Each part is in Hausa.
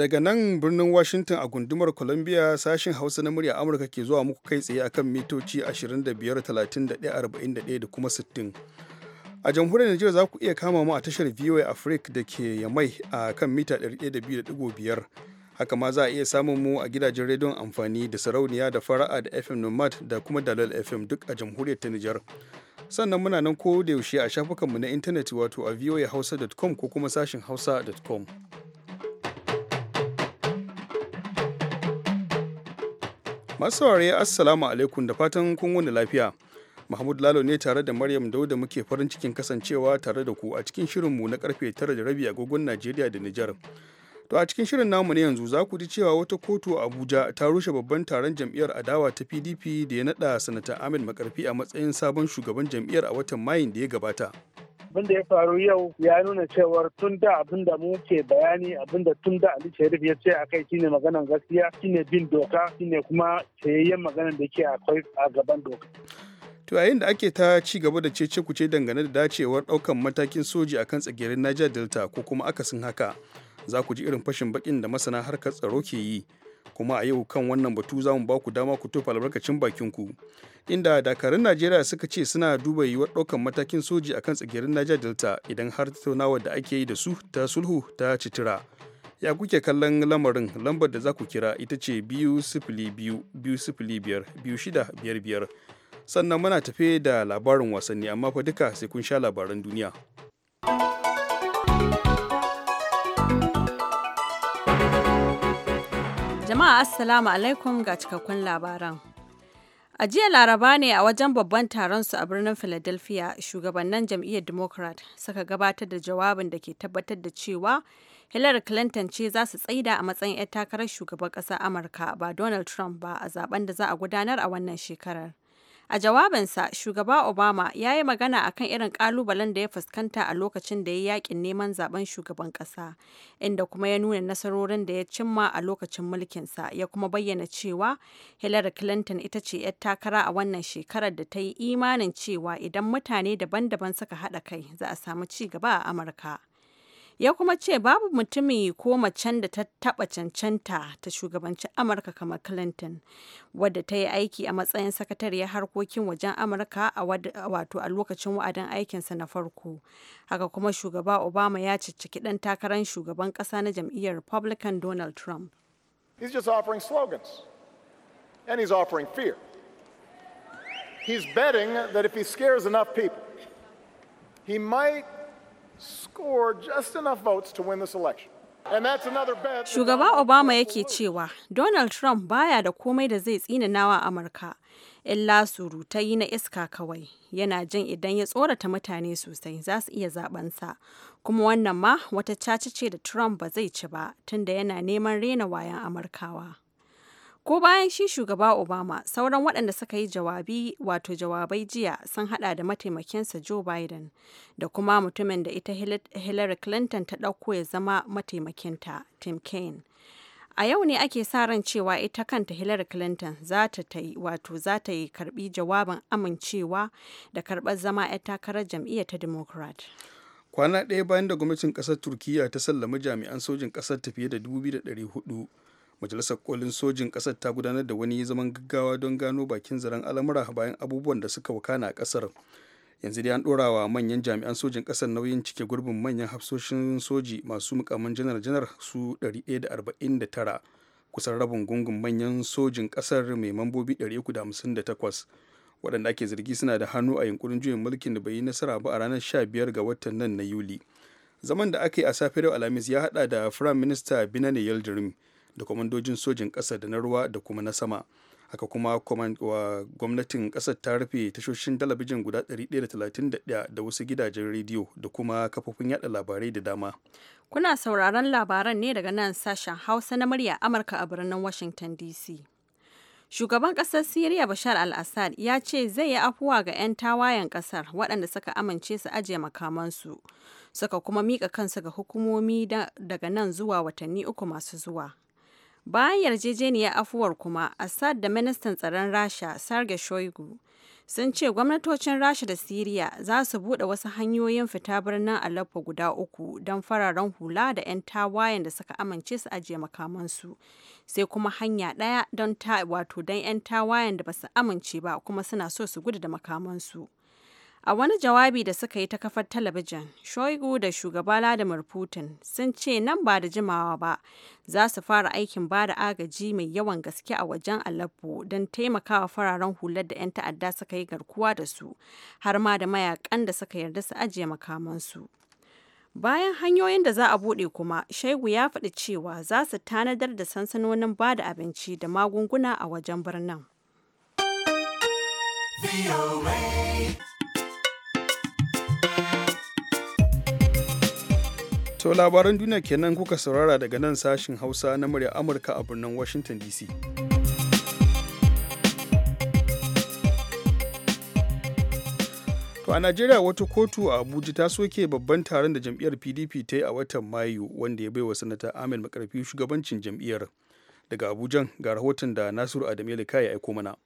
Daga nan birnin Washington a gundumar Columbia sashen Hausa na murya Amurka ke zuwa muku kai tsaye akan mitoci 25, 31, 41 da kuma 60. a jamhuriyar Najeriya za ku iya kama mu a tashar VOA Africa da ke Yamai a kan mita 102.5 haka ma za a iya samun mu a gidajen rediyon amfani da sarauniya da fara'a da FM Nomad da kuma Dalal FM duk a jamhuriyar ta Nijar. Sannan muna nan ko da yaushe a shafukanmu na intanet wato a voahausa.com ko kuma sashin hausa.com. masu saurare assalamu alaikum da fatan kun wani lafiya mahmud lalo ne tare da maryam dauda muke farin cikin kasancewa tare da ku a cikin shirin mu na karfe tara da rabi agogon najeriya da nijar to a cikin shirin namu ne yanzu za ku ji cewa wata kotu a abuja ta rushe babban taron jam'iyyar adawa ta pdp da ya naɗa sanata ahmed makarfi a matsayin sabon shugaban jam'iyyar a watan mayin da ya gabata abin da ya faru yau ya nuna cewar tun da abin da muke bayani abin da tun da Ali Sharif ya ce akai shine maganan gaskiya shine bin doka shine kuma tsayayyen maganan da ke akwai a gaban doka. To yayin da ake ta ci gaba da cece kuce dangane da dacewar daukan matakin soji akan tsagirin Niger Delta ko kuma akasin haka za ku ji irin fashin bakin da masana harkar tsaro ke yi. kuma a yau kan wannan batu za mu ba ku dama ku tofa albarkacin bakin ku inda dakarun najeriya suka ce suna duba yiwuwar ɗaukan matakin soji akan tsigirin niger delta idan har tattaunawa da ake yi da su ta sulhu ta citira ya kuke kallon lamarin lambar da za ku kira ita ce biyu sifili biyu biyu sifili biyar biyu shida biyar biyar sannan muna tafe da labarin wasanni amma fa duka sai kun sha labaran duniya. Jama'a Assalamu alaikum ga cikakkun labaran. A jiya Laraba ne a wajen babban taron su a birnin Philadelphia, shugabannin jam'iyyar Democrat suka gabatar da jawabin da ke tabbatar da cewa Hillary Clinton ce za su tsaida a matsayin 'yar takarar shugaban ƙasar Amurka ba Donald Trump ba a zaben da za a gudanar a wannan shekarar. A jawabinsa, Shugaba Obama ya yi magana akan irin ƙalubalen da ya fuskanta a lokacin da ya yi yakin neman zaben shugaban ƙasa, inda kuma ya nuna nasarorin da ya cimma a lokacin mulkinsa, ya kuma bayyana cewa Hillary Clinton ita ce 'yar takara a wannan shekarar da ta yi imanin cewa idan mutane daban-daban suka haɗa kai, za a samu ci gaba a Amurka. ya kuma ce babu mutumi ko macen da ta taba cancanta ta shugabanci amurka kamar clinton wadda ta yi aiki a matsayin sakatariyar harkokin wajen amurka a wato a lokacin wa'adin aikinsa na farko haka kuma shugaba obama ya cicciki dan takarar shugaban kasa na jam'iyyar republican donald trump he's just offering slogans and he's offering fear he's betting that if he scares enough people he might score just enough votes to win this election. Shugaba Obama yake cewa Donald Trump baya da komai da zai tsina nawa Amurka, illa surutai na iska kawai. Yana jin idan ya tsorata mutane sosai za su iya sa Kuma wannan ma wata cace ce da Trump ba zai ci ba, tunda yana neman rena wayan Amurkawa. Ko bayan shi shugaba Obama, sauran waɗanda suka yi jawabi wato jawabai jiya sun hada da mataimakinsa Joe Biden da kuma mutumin da ita Hillary Clinton ta ɗauko ya zama mataimakinta Tim Kaine. A yau ne ake sa ran cewa ita kanta Hillary Clinton za ta yi wato za yi karbi jawabin amincewa da karɓar zama 'yar takarar jam'iyyar ta Democrat. Kwana ɗaya bayan da gwamnatin ƙasar Turkiyya ta sallami jami'an sojin ƙasar ta fiye da 2,400 majalisar kolin sojin kasar ta gudanar da wani zaman gaggawa don gano bakin zaren al'amura bayan abubuwan da suka wakana a kasar yanzu dai an ɗora wa manyan jami'an sojin kasar nauyin cike gurbin manyan hafsoshin soji masu mukamin janar-janar su 149 kusan rabin gungun manyan sojin kasar mai mambobi 358 waɗanda ake zargi suna da hannu a yunkurin juyin mulkin da bai yi nasara ba a ranar 15 ga watan nan na yuli zaman da aka yi a safiyar alhamis ya haɗa da firayim minista binane yildirim da kwamandojin sojin ƙasa da na ruwa da kuma na sama haka kuma gwamnatin ƙasar ta rufe tashoshin dalabijin guda 131 da wasu gidajen rediyo da kuma kafofin yada labarai da dama kuna sauraron labaran ne daga nan sashen hausa na murya amurka a birnin washington dc Shugaban ƙasar Siriya Bashar al-Assad ya ce zai yi afuwa ga 'yan tawayen ƙasar waɗanda suka amince su ajiye makamansu, suka kuma mika kansu ga hukumomi daga nan zuwa watanni uku masu zuwa. Bayan yarjejeniyar afuwar kuma, Assad da ministan tsaron Rasha Sergei Shoigu sun ce gwamnatocin Rasha da Siriya za su buɗe wasu hanyoyin fita birnin Aleppo guda uku don fararen hula da 'yan tawayen da suka amince su ajiye makamansu, sai kuma hanya ɗaya don 'yan tawayen da ba su amince ba kuma suna so su gudu da makamansu. A wani jawabi da suka yi ta kafar talabijin, Shoigu da shugaba Vladimir Putin sun ce nan ba da jimawa ba za su fara aikin ba da agaji mai yawan gaske a wajen Aleppo don taimakawa fararen hular da 'yan ta'adda suka yi garkuwa da su, har ma da mayakan da suka yarda su ajiye makamansu. Bayan hanyoyin da za a buɗe kuma, Shaigu ya faɗi cewa za su tanadar da sansanonin ba da abinci da magunguna a wajen birnin. To labaran duniya kenan kuka saurara daga nan sashin Hausa na murya Amurka a birnin Washington DC. To a Najeriya wata kotu a Abuja ta soke babban taron da jam'iyyar PDP ta yi a watan Mayu wanda ya baiwa sanata Ahmed Makarfi shugabancin jam'iyyar. Daga abuja ga rahoton da Nasiru Adamu ya aiko mana.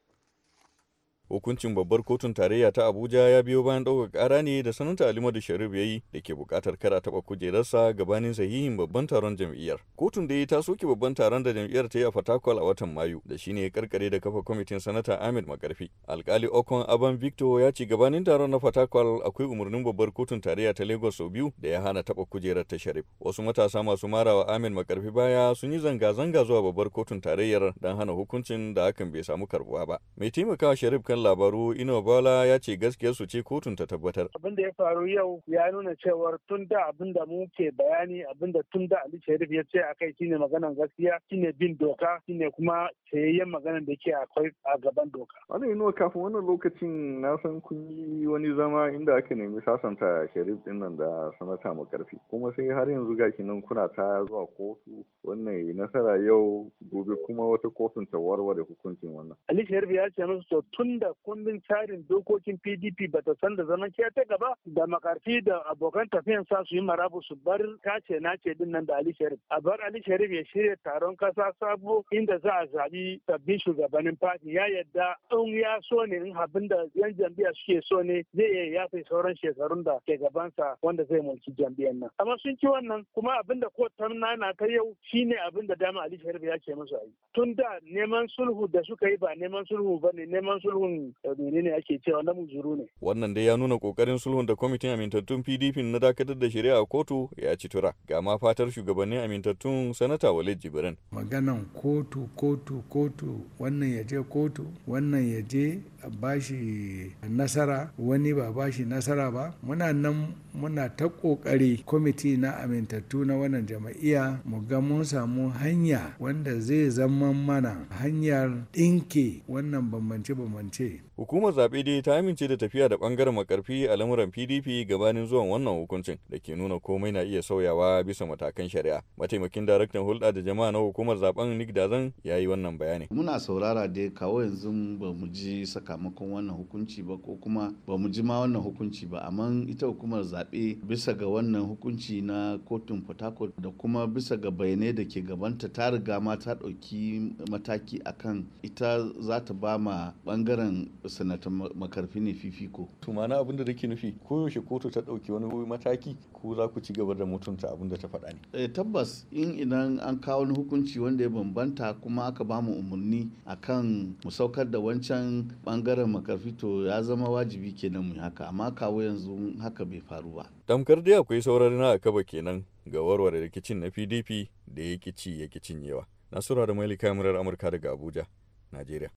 Hukuncin babbar kotun tarayya ta Abuja ya biyo bayan ɗaukar ƙara ne da sanata Alimadu Sharif ya yi da ke buƙatar kara taɓa kujerarsa gabanin sahihin babban taron jam'iyyar. Kotun da ta soke babban taron da jam'iyyar ta yi a Fatakwal a watan Mayu da shine ya karkare da kafa kwamitin sanata Ahmed Makarfi. Alkali Okon Aban Victor ya ce gabanin taron na Fatakwal akwai umarnin babbar kotun tarayya ta Lagos sau biyu da ya hana taɓa kujerar ta Sharif. Wasu matasa masu marawa Ahmed Makarfi baya sun yi zanga-zanga zuwa babbar kotun tarayyar don hana hukuncin da hakan bai samu karbuwa ba. Mai taimakawa Sharif kan labaru Ino Bola ya ce su ce kotun ta tabbatar. Abin da ya faru yau ya nuna cewar tun da abin da muke bayani abin da tun da Ali Sharif ya ce akai shine maganan gaskiya shine bin doka shine kuma tsayayyen magana da ke akwai a gaban doka. Wani Ino kafin wannan lokacin na san kun yi wani zama inda aka nemi sasanta Sharif din nan da sanata makarfi kuma sai har yanzu gaki nan kuna ta zuwa kotu wannan nasara yau gobe kuma wata kotun ta warware hukuncin wannan. Ali Sharif ya ce musu to tun tunda kundin tsarin dokokin PDP ba ta san da zaman ta gaba da makarfi da abokan tafiyan sa su yi marabu su bar kace nace din nan da Ali Sharif. A bar Ali Sharif ya shirya taron kasa sabo inda za a zaɓi sabbin shugabannin fati ya yadda in ya so ne in abin da yan jam'iyya suke so ne zai iya yafe sauran shekarun da ke gabansa wanda zai mulki jam'iyyar nan. Amma sun ci wannan kuma abin da kotun nana ta yau shine abin da dama Ali Sharif ya ce masu ayi. Tun da neman sulhu da suka yi ba neman sulhu ba ne neman sulhun ne menene ake cewa na muzuru ne wannan dai ya nuna kokarin sulhun da kwamitin amintattun PDP na dakatar da shari'a a kotu ya ci tura ga ma fatar shugabannin amintattun sanata Walid Jibrin maganan kotu kotu kotu wannan ya je kotu wannan ya je bashi nasara wani ba bashi nasara ba muna nan muna ta kokari kwamiti na amintattu na wannan jama'iyya mu ga mun samu hanya wanda zai zama mana hanyar ɗinke wannan bambance-bambance Hukumar zaɓe dai ta amince da tafiya da ɓangaren makarfi a lamuran PDP gabanin zuwan wannan hukuncin da ke nuna komai na iya sauyawa bisa matakan shari'a. Mataimakin daraktan hulɗa da jama'a na hukumar zaben Nick Dazan ya yi wannan bayani. Muna saurara dai kawo yanzu ba mu ji sakamakon wannan hukunci ba ko kuma ba mu ji ma wannan hukunci ba amma ita hukumar zaɓe bisa ga wannan hukunci na kotun Port da kuma bisa ga bayanai da ke gabanta ta riga ma ta ɗauki mataki akan ita za ta ba ma ɓangaren sanata makarfi ne fifiko. tumana abin da take nufi koyaushe kotu ta ɗauki wani mataki ko za ku ci gaba da mutunta abin da ta faɗa ne. Eh, tabbas in idan an kawo wani hukunci wanda ya bambanta kuma aka bamu umarni akan mu saukar da wancan bangaren makarfi to ya zama wajibi kenan mu haka amma kawo yanzu haka bai faru ba. tamkar dai akwai saurari na kaba kenan ga warware rikicin na pdp da ya ci ya cinyewa nasura da mailika murar amurka daga abuja Najeriya.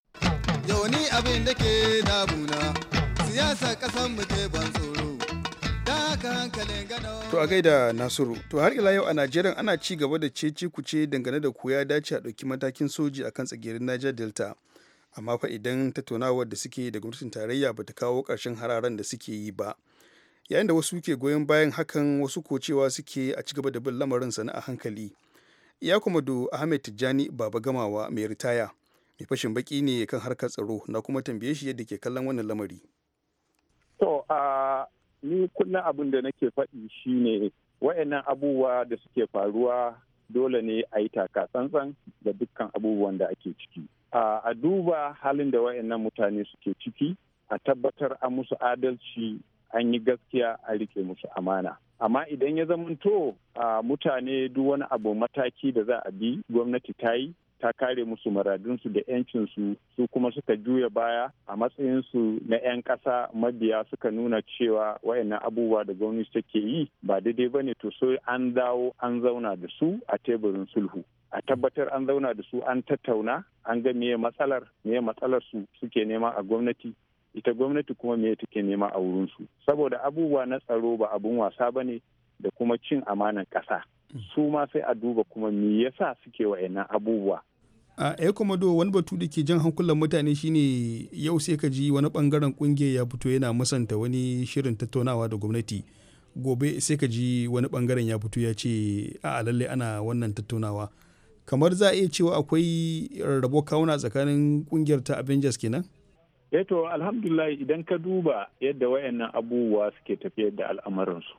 Yau ni abin da ke damuna siyasa kasan mu ban tsoro. To a gaida Nasiru, to har ila yau a Najeriya ana ci gaba da ceci kuce dangane da koya dace a ɗauki matakin soji akan tsagerin Niger Delta. Amma fa idan tattaunawar da suke da gwamnatin tarayya bata kawo ƙarshen hararan da suke yi ba. Yayin da wasu ke goyon bayan hakan wasu ko cewa suke a ci gaba da bin lamarin sana a hankali. Iya kuma Ahmed Tijjani Baba Gamawa mai ritaya. mai fashin baki ne kan harkar tsaro na kuma tambaye shi yadda ke kallon wannan lamari to a ni kullum abin da nake faɗi ne wayannan abubuwa da suke faruwa dole ne a yi taka tsantsan da dukkan abubuwan da ake ciki a duba halin da wayannan mutane suke ciki a tabbatar a musu adalci an yi gaskiya a rike musu amana amma idan ya zamanto a mutane duk wani abu mataki da za a bi gwamnati ta yi ta kare musu muradunsu da 'yancinsu su kuma suka juya baya a matsayinsu na 'yan ƙasa mabiya suka nuna cewa wayannan abubuwa da gwamnati take yi ba daidai ba ne to so an dawo an zauna da su a teburin sulhu a tabbatar an zauna da su an tattauna an ga meye matsalar meye matsalar su suke nema a gwamnati ita gwamnati kuma me take nema a wurinsu saboda abubuwa na tsaro ba abun wasa ba ne da kuma cin amanan ƙasa su ma sai a duba kuma me yasa suke wa'annan abubuwa a ya eh, do wani batu da ke jan hankulan mutane shine yau sai ka ji wani bangaren kungiyar ya fito yana musanta wani shirin tattaunawa da gwamnati gobe sai ka ji wani bangaren ya fito ya ce a lalle ana wannan tattaunawa kamar za a iya cewa akwai rarrabo kawuna tsakanin kungiyar ta avengers kenan eto eh, alhamdulillah idan ka duba yadda wayannan abubuwa suke tafiyar da su.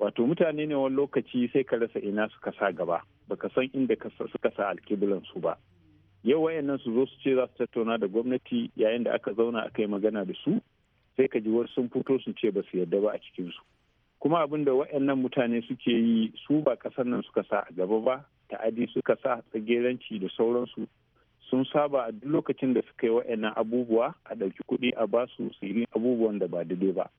wato mutane ne wani lokaci sai ka rasa ina suka sa gaba baka san inda suka sa alkiblan su ba yau wayannan su zo su ce za su tattauna da gwamnati yayin da aka zauna aka yi magana da su sai ka ji wasu sun fito su ce ba su yarda ba a cikin su kuma abin da wayannan mutane suke yi su ba kasan nan suka sa a gaba ba ta'adi suka sa tsageranci da sauransu sun saba a duk lokacin da suka yi wayannan abubuwa a ɗauki kuɗi a basu su yi abubuwan da ba daidai ba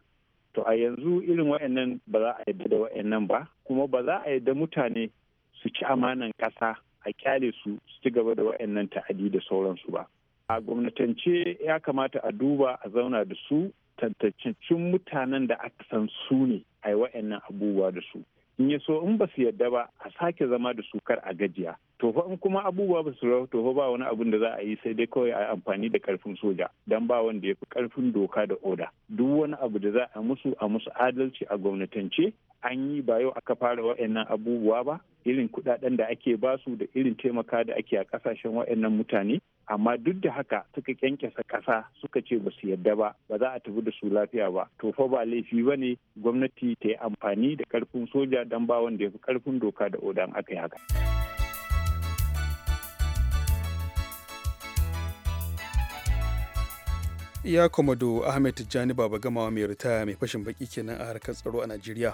to a yanzu irin wa'annan ba za a yadda da wa'annan ba kuma ba za a yadda mutane su ci amanan ƙasa a kyale su su ci gaba da wa'annan ta'adi da sauransu ba a gwamnatance ya kamata a duba a zauna da su tantancin mutanen da aka san su ne a yi wa'annan abubuwa da su in ya so in ba su yadda ba a sake zama da su kar a gajiya to fa in kuma abubuwa ba su to fa ba wani abin da za a yi sai dai kawai a amfani da karfin soja dan ba wanda ya fi karfin doka da oda duk wani abu da za a musu a musu adalci a gwamnatance an yi ba yau aka fara wa'annan abubuwa ba irin kudaden da ake basu da irin taimaka da ake a kasashen wa'annan mutane amma duk da haka suka kyankyasa ƙasa suka ce ba su yadda ba ba za a tafi da su lafiya ba to fa ba laifi ba ne gwamnati ta yi amfani da karfin soja don ba wanda ya fi karfin doka da oda aka yi haka. ya komodo ahmed tijjani baba gamawa mai ritaya mai fashin baki kenan a harkar tsaro a najeriya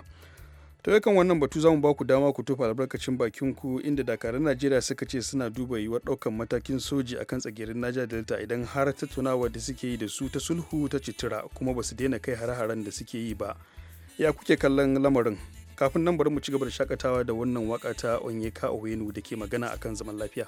to yakan wannan batu zamu ba ku dama ku tofa albarkacin bakin ku inda dakarun najeriya suka ce suna duba yiwuwar ɗaukan matakin soji akan tsagerin naja delta idan har tattaunawa da suke yi da su ta sulhu ta citira kuma ba su daina kai hare-haren da suke yi ba ya kuke kallon lamarin kafin nan bari mu ci gaba da shakatawa da wannan waka ta onyeka owenu da ke magana akan zaman lafiya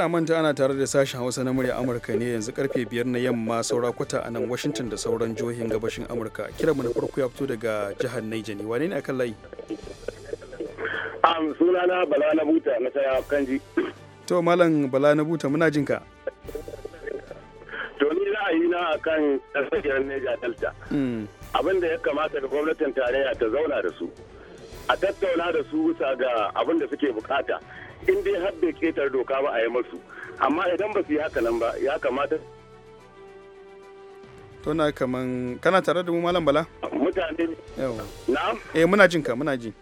kada manta ana tare da sashen hausa na murya amurka ne yanzu karfe biyar na yamma saura kwata a nan washington da sauran jihohin gabashin amurka kira mu na farko ya fito daga jihar naija ne wane ne akan layi am sunana bala na buta na saya kanji to malam bala na buta muna jin ka to ni yi na akan tsakiyar neja delta hmm. abin da ya kamata da gwamnatin tarayya ta zauna da su a tattauna da su bisa ga abin da suke bukata in dai har bai ketar doka ba a yi masu amma idan ba su yi haka nan ba ya kamata tona kaman kana tare da mu malam bala mutane eh muna jin ka muna ji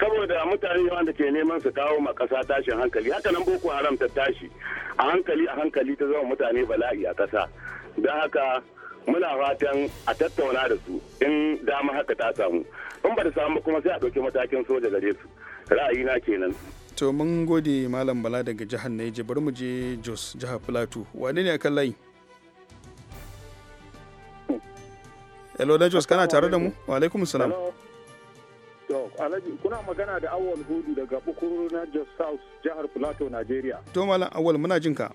saboda mutane wanda ke neman su kawo ma kasa tashin hankali haka nan boko haram ta tashi a hankali a hankali ta zama mutane bala'i a kasa don haka muna fatan a tattauna da su in dama haka ta samu in ba ta samu kuma sai a ɗauki matakin soja gare su ra'ayina kenan to mun gode malam bala daga jihar Neja bari mu je Jos jihar Plateau wane ne akan layi Hello na Jos kana tare da mu wa alaikum salam To Alhaji kuna magana da Awal Hudu daga Bukuru na Jos South jihar Plateau Nigeria To malam Awal muna jin ka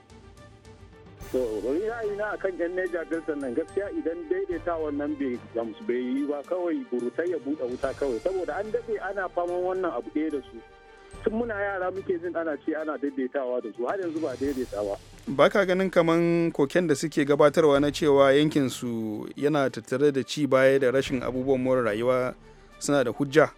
to wani yi na akan yan neja delta nan gaskiya idan daidaita wannan bai gamsu bai yi ba kawai burutai ya buɗe wuta kawai saboda an daɗe ana faman wannan abu ɗaya da su tun muna yara muke jin ana ce ana daidaitawa da su har yanzu ba daidaitawa ba ka ganin kaman koken da suke gabatarwa na cewa yankin su yana tattare da ci baya da rashin abubuwan more rayuwa suna da hujja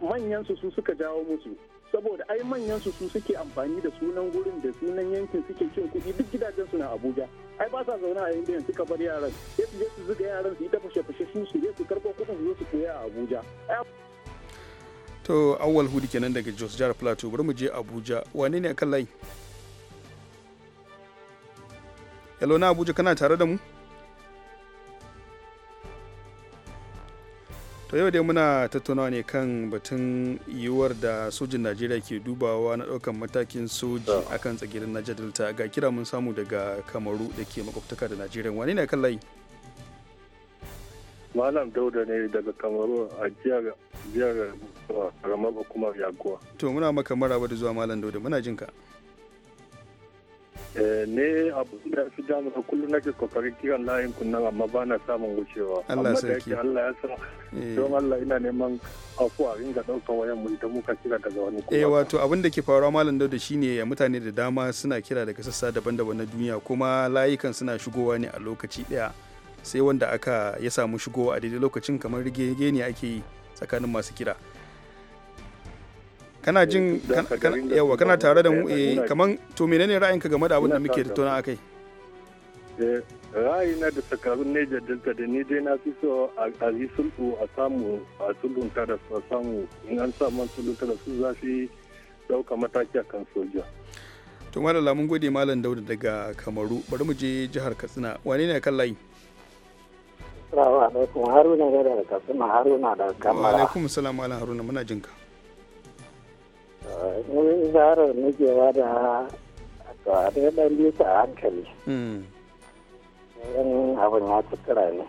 manyan su su suka jawo musu saboda ai manyan su su suke amfani da sunan gurin da sunan yankin suke cin kuɗi duk gidajen su na Abuja ai ba sa zaune a inda suka bar yaran sai su je su zuga yaran su yi fashe fashe su su je su karɓo kuɗin su zo su koya a Abuja to awwal hudu kenan daga Jos Jihar Plateau bari mu je Abuja wane ne akan layi Hello na Abuja kana tare da mu? to yau dai muna tattaunawa ne kan batun yiwuwar da sojin najeriya ke dubawa na daukan matakin soji akan tsagirin niger delta ga kira mun samu daga kamaru da ke makwabtaka da najeriya wani ne kan malam dauda ne daga kamaru a jihar jihar kuma yaguwa to muna maka maraba da zuwa malam dauda muna jinka ka Eh, ne abu da fi da kullum nake kokarin kiran layin kunnan amma ba na samun wucewa amma da yake Allah ya san eh. don Allah ina neman afuwa ringa daukan wayan mu idan muka kira daga wani kuma eh wato abin da ke faruwa malam Dauda shine mutane da dama suna kira daga sassa daban-daban na duniya kuma layukan suna shigowa ne a lokaci daya sai wanda aka ya samu shigowa a daidai lokacin kamar rige ne ake yi tsakanin masu kira kana jin yawa kana tare da mu eh kaman to menene ra'ayinka game da abin da muke tattauna akai eh, na da sakarun neja Delta da ni dai na fi so a yi sulhu a samu a sulhunta da su a samu in an samu sulhunta da su za su dauka mataki a kan soja. To malala mun gode malam Dauda daga Kamaru bari mu je jihar Katsina wane ne kan layi? salamu alaikum Haruna da Katsina Haruna da Kamara. Wa alaikum salam malam Haruna muna jinka. in zarar nake ba da to a dai dan bi hankali in hmm. abin ya tutura ne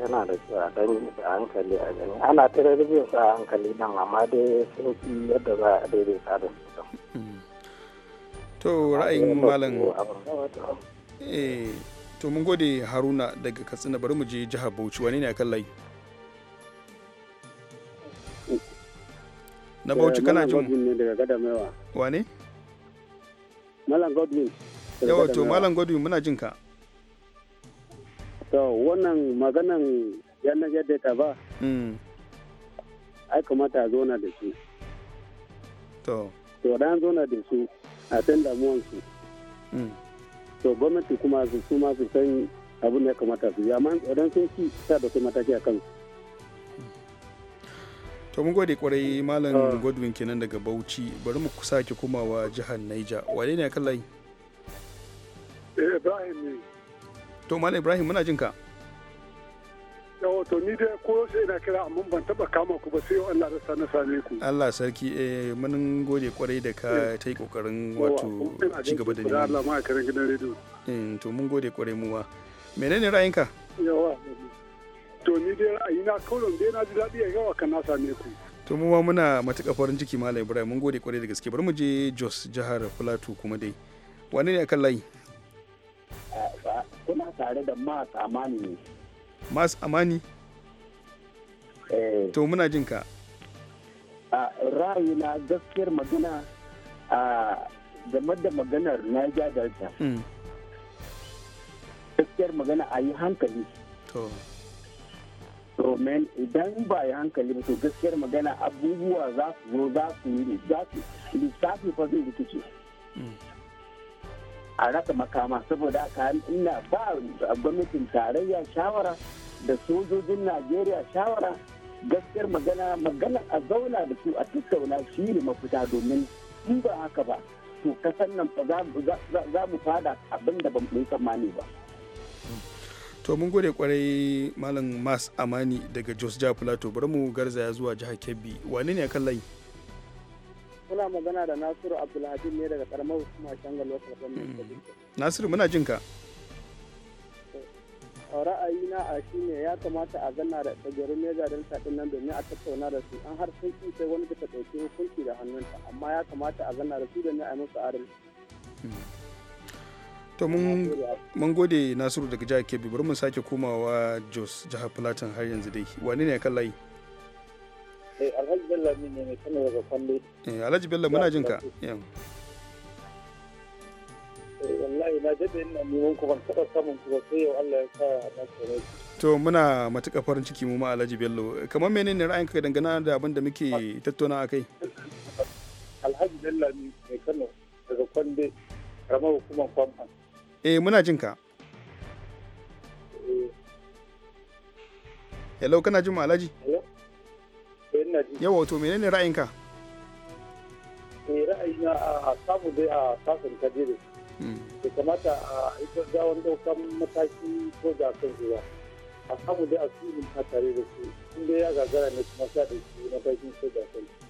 yana da kyau a hankali a gani ana tare da sa hankali nan amma dai sun fi yadda za a daidaita da su hmm. to ra'ayin malam eh to mun gode haruna daga katsina bari mu je jihar bauchi wani ne a kan layi na bauchi eh, kana jin mu daga gadamewa wane malam godwin yawa to malam godwin muna jin ka to wannan maganan yanar yadda ta ba hmm. ai kamata a zona da su to to da an zona da su a san damuwansu hmm. to gwamnati kuma su ma su san abin da ya kamata su yi amma idan sun ci sa da su mataki a kansu to mun gode kwarai eh. malam ah. godwin kenan daga bauchi bari mu sake komawa jihar naija wane ne kan layi eh, ibrahim ne to malam ibrahim muna jin ka to ni dai ko sai na kira amma ban taba kama ku ba sai Allah da sani same ku Allah sarki eh mun gode kwarai da ka eh. ta yi kokarin wato ci gaba da ni Allah ma karin gidan rediyo eh to mun gode kwarai muwa menene ra'ayinka yawa to ni dai ra'ayi na kawai dai na ji daɗi ya yawa kan nasa ne ku to mu ma muna matuƙa farin ciki malam ibrahim mun gode kwarai da gaske bari mu je jos jihar plateau kuma dai wane ne akan layi kuna tare da mas amani ne mas amani eh. to muna jin ka na gaskiyar magana a game da maganar Niger Delta. Mm. Gaskiyar magana a yi hankali. domin idan ba ya hankali ba to gaskiyar magana abubuwa za su zo za su yi za su lissafi fa zai rikice a rasa makama saboda haka ina ba gwamnatin tarayya shawara da sojojin najeriya shawara gaskiyar magana magana a zauna da su a tattauna shi ne mafita domin in ba haka ba to kasan nan za mu fada abin da ban tsammani ba. to mun gode kwarai malam mas amani daga jos jihar plateau bari mu garzaya zuwa jihar kebbi wani ne kan layi kuna magana da nasiru abdulhadim ne daga karamar hukumar shangal lokal gwamnati hmm. nasiru muna jinka ra'ayi na a shi ne ya kamata a gana da tsagerin mega delta sadin nan domin a tattauna da su an har sun sai wani ta ɗauki hukunci da hannunta amma ya kamata a gana da su domin a yi musu adalci hmm. to mun gode nasiru daga jihar kebbi bari mu sake komawa jos jihar platin har yanzu dai wani ne kan layi eh, alhaji bello ne mai kano daga kwallo eh, alhaji bello muna jinka eh, wallahi na jade ina neman ku ban taɓa samun ku ba sai yau Allah ya sa na tsare to muna matuƙa farin ciki mu ma Alhaji Bello kamar menene ra'ayinka dangane da abin da muke tattauna akai Alhaji Bello ne mai Kano daga Kwande ramar hukumar Kwamfan Eh muna jin ka. Hello kana jin mu Alhaji? Eh, Yawa to menene ra'ayinka? Eh ra'ayina a samu dai a sasan kajere. Da kamata a ita gawon daukan mataki ko da kan zuwa. A samu dai a sunin hmm. a tare da su. Inda ya gagara ne kuma sa da su na bakin da kan su.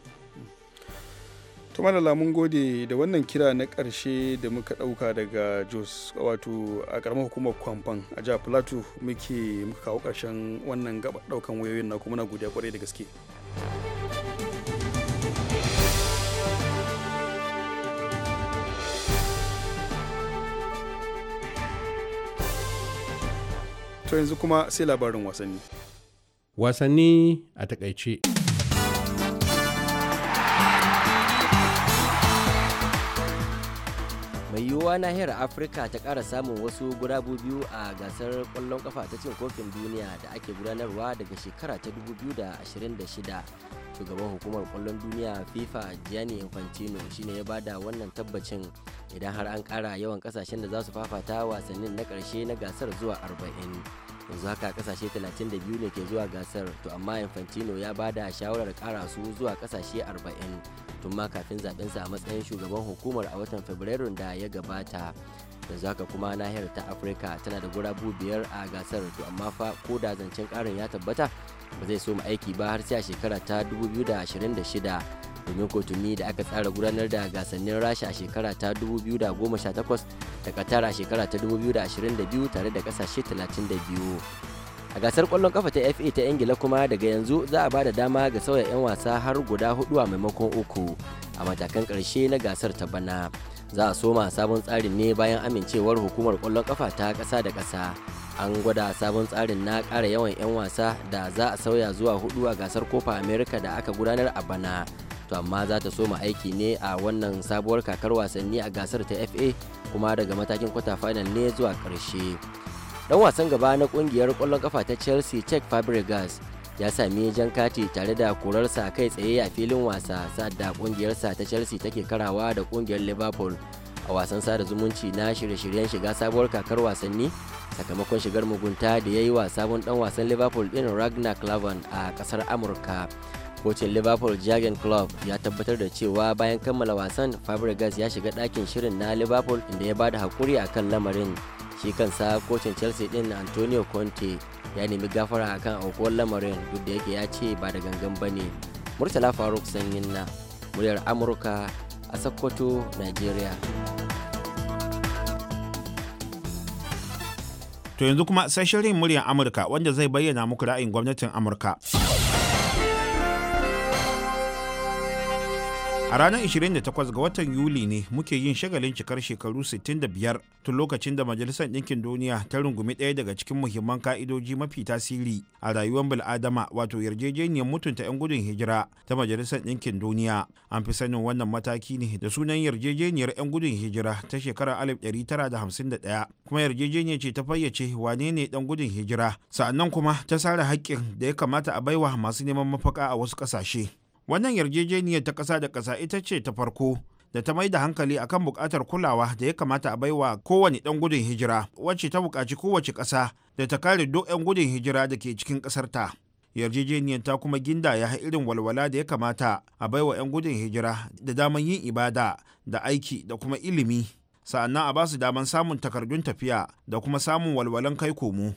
to da lamun gode da wannan kira na karshe da muka dauka daga jos wato a karamar hukumar kwamfan a jihar plateau muke muka kawo karshen wannan gaba daukan wayoyin na kuma na godiya kwarai da gaske to yanzu kuma sai labarin wasanni wasanni a takaice mai yiwuwa nahiyar afirka ta kara samun wasu gurabu biyu a gasar kwallon kafa ta cin kofin duniya da ake gudanarwa daga shekara ta 2026 shugaban hukumar kwallon duniya fifa gianni infantino shine ya bada wannan tabbacin idan har an kara yawan ƙasashen da za su fafata wasannin na karshe na gasar zuwa 40 yanzu haka kasashe 32 ne ke zuwa gasar to amma infantino ya bada shawarar kara su zuwa kasashe 40 tun ma kafin zaɓensa a matsayin shugaban hukumar a watan fabrairun da ya gabata da zaka kuma nahiyar ta afirka tana da gurabu biyar a gasar to amma fa ko da zancen karin ya tabbata ba zai so mu aiki ba har sai a shekara ta 2026 domin kotuni da aka tsara gudanar da gasannin rasha a shekara ta 2018 da qatar a shekara ta 2022 tare da kasashe 32 a gasar kwallon kafa ta fa ta ingila kuma daga yanzu za a ba da dama ga sauya 'yan wasa har guda hudu a maimakon uku a matakan karshe na gasar ta bana za a soma sabon tsarin ne bayan amincewar hukumar kwallon kafa ta kasa da kasa an gwada sabon tsarin na kara yawan 'yan wasa da za a sauya zuwa hudu a gasar kofa america da aka gudanar a bana to amma za ta soma aiki ne a wannan sabuwar kakar wasanni a gasar ta fa kuma daga matakin kwata final ne zuwa karshe. dan wasan gaba na kungiyar kwallon kafa ta chelsea czech fabregas ya sami jan kati tare da korarsa kai tsaye a filin wasa sa'ad da kungiyarsa ta chelsea take karawa da kungiyar liverpool a wasan sada zumunci na shirye-shiryen shiga sabuwar kakar wasanni sakamakon shigar mugunta da ya yi wa sabon dan wasan liverpool din ragnar klavan a kasar amurka kocin liverpool jagen club ya tabbatar da cewa bayan kammala wasan fabregas ya shiga dakin shirin na liverpool inda ya bada hakuri akan lamarin shi kansa kocin chelsea din antonio conte ya nemi gafara akan aukuwar lamarin duk da yake ya ce ba da gangan ba ne murtala faruk sanyin na muryar amurka a sokoto nigeria to yanzu kuma sai shirin muryar amurka wanda zai bayyana muku ra'ayin gwamnatin amurka A ranar 28 ga watan Yuli ne muke yin shagalin cikar shekaru 65 tun lokacin da Majalisar Ɗinkin Duniya ta rungumi ɗaya daga cikin muhimman ka'idoji mafi tasiri a rayuwar bil'adama wato yarjejeniyar mutunta 'yan gudun hijira ta Majalisar Ɗinkin Duniya. An fi sanin wannan mataki ne da sunan yarjejeniyar 'yan gudun hijira ta shekarar 1951 kuma yarjejeniyar ce ta fayyace wane ne ɗan gudun hijira sa'annan kuma ta sare haƙƙin da ya kamata a baiwa masu neman mafaka a wasu ƙasashe. wannan yarjejeniyar ta ƙasa da ƙasa ita ce ta farko da ta mai da hankali kan buƙatar kulawa da ya kamata a baiwa kowane ɗan gudun hijira wacce ta buƙaci kowace ƙasa da ta kare duk ɗan gudun hijira da ke cikin ƙasarta. yarjejeniyar ta kuma ginda ya irin walwala da ya kamata a baiwa 'yan gudun hijira da daman yin ibada da aiki da kuma ilimi sa'annan a basu daman samun takardun tafiya da kuma samun walwalan kai komo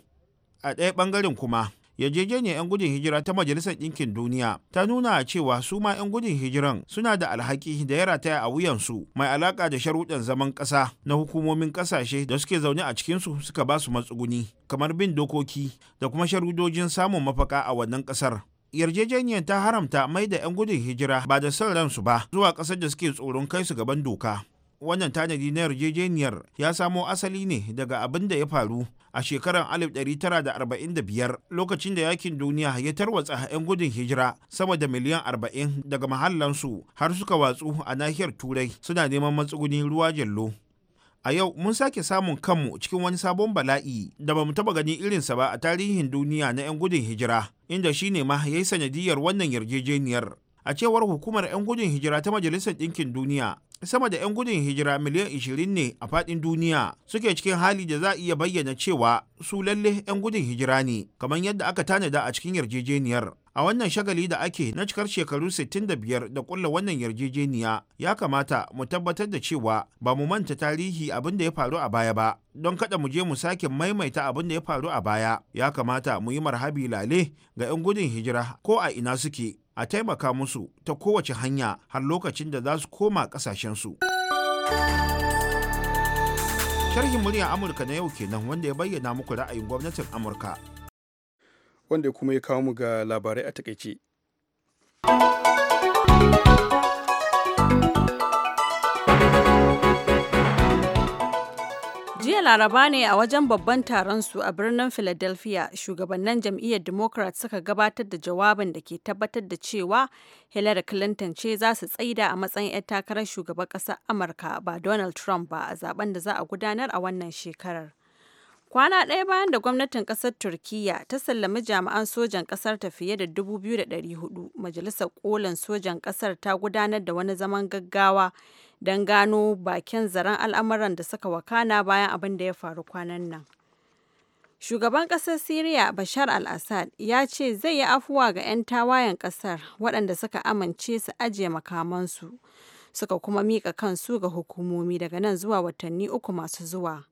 a ɗaya ɓangaren kuma yarjejeniyar 'yan gudun hijira ta majalisar ɗinkin duniya ta nuna cewa su ma 'yan gudun hijiran suna da alhaki da yara rataya a wuyansu mai alaka da sharuɗan zaman ƙasa na hukumomin ƙasashe da suke zaune a cikin su suka ba su matsuguni kamar bin dokoki da kuma sharudojin samun mafaka a wannan ƙasar yarjejeniyar ta haramta mai da 'yan gudun hijira ba da son ransu ba zuwa ƙasar da suke tsoron kai su gaban doka wannan tanadi na yarjejeniyar ya samo asali ne daga abin da ya faru a shekarar 1945 lokacin da yakin duniya ya tarwatsa 'yan gudun hijira sama da miliyan 40 daga mahallansu har suka watsu a nahiyar turai suna neman matsuguni ruwa jallo a yau mun sake samun kanmu cikin wani sabon bala'i da ba mu taba ganin irinsa ba a tarihin duniya na 'yan gudun hijira inda shi ne ma ya yi sanadiyar wannan yarjejeniyar a cewar hukumar 'yan gudun hijira ta majalisar ɗinkin duniya sama da 'yan gudun hijira miliyan 20 ne a faɗin duniya suke cikin hali da za a iya bayyana cewa su lalle 'yan gudun hijira ne kamar yadda aka tanada a cikin yarjejeniyar a wannan shagali da ake na cikar shekaru 65 da kulla wannan yarjejeniya ya kamata mu tabbatar da cewa ba mu manta tarihi abin da ya faru a baya ba don kada mu je mu sake maimaita abin da ya faru a baya ya kamata mu yi marhabi lale ga 'yan gudun hijira ko a ina suke a taimaka musu ta kowace hanya har lokacin da za su koma ƙasashensu. Sharhin muryar Amurka na yau kenan wanda ya bayyana muku ra'ayin gwamnatin Amurka. Wanda kuma ya kawo mu ga labarai a takaice. laraba ne a wajen babban taron su a birnin Philadelphia, shugabannin jam'iyyar Democrat suka gabatar da jawabin da ke tabbatar da cewa Hillary Clinton ce za su tsaida a matsayin 'yar takarar shugaban ƙasar Amurka ba Donald Trump ba a zaben da za a gudanar a wannan shekarar. Kwana ɗaya bayan da gwamnatin ƙasar Turkiyya ta sallami jami'an sojan ƙasar ta fiye da 2,400, Majalisar ƙolin Sojan ƙasar ta gudanar da wani zaman gaggawa don gano bakin zaren al'amuran da suka wakana bayan abin da ya faru kwanan nan. Shugaban ƙasar Siriya Bashar al-Assad ya ce zai yi afuwa ga 'yan tawayen ƙasar waɗanda suka amince su ajiye makamansu suka kuma mika kansu ga hukumomi daga nan zuwa watanni uku masu zuwa.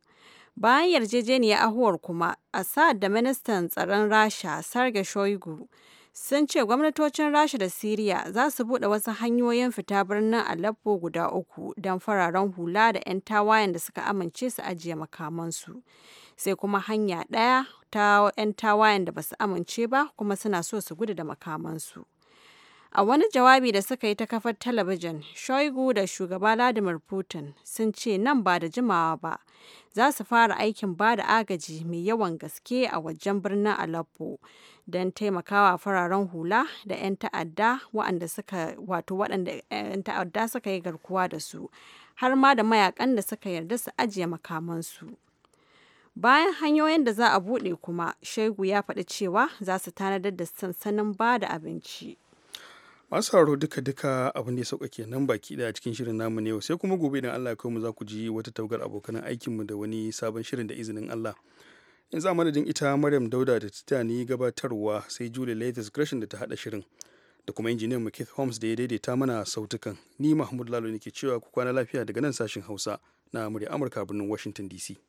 Bayan yarjejeniyar Ahuwar kuma, a sa'ad da Ministan Tsaron Rasha Sergei Shoigu sun ce gwamnatocin Rasha da Siriya za su bude wasu hanyoyin fita birnin Aleppo guda uku don fararen hula da ‘yan tawayen da suka amince su ajiye makamansu, sai kuma hanya ɗaya ta ‘yan tawayen da ba su amince ba kuma suna so su gudu da makamansu. A wani jawabi da suka yi ta kafar talabijin, Shoigu da shugaba Vladimir Putin sun ce nan ba da jimawa ba za su fara aikin ba da agaji mai yawan gaske a wajen birnin Aleppo don taimakawa fararen hula da 'yan ta'adda waɗanda suka wato waɗanda 'yan ta'adda suka yi garkuwa da su har ma da mayakan da suka yarda su ajiye makamansu. Bayan hanyoyin da za a buɗe kuma, Shoigu ya faɗi cewa za su tanadar da sansanin ba da abinci. masu sauraro duka duka abin da ya sauka kenan baki daya cikin shirin namu ne sai kuma gobe idan Allah ya mu za ku ji wata taugar abokan aikin mu da wani sabon shirin da izinin Allah yanzu a madadin ita Maryam Dauda da ta ni gabatarwa sai jule Latest Gresham da ta hada shirin da kuma injiniyan mu Keith Holmes da ya daidaita mana sautukan ni Mahmud Lalo ke cewa ku kwana lafiya daga nan sashin Hausa na murya Amurka birnin Washington DC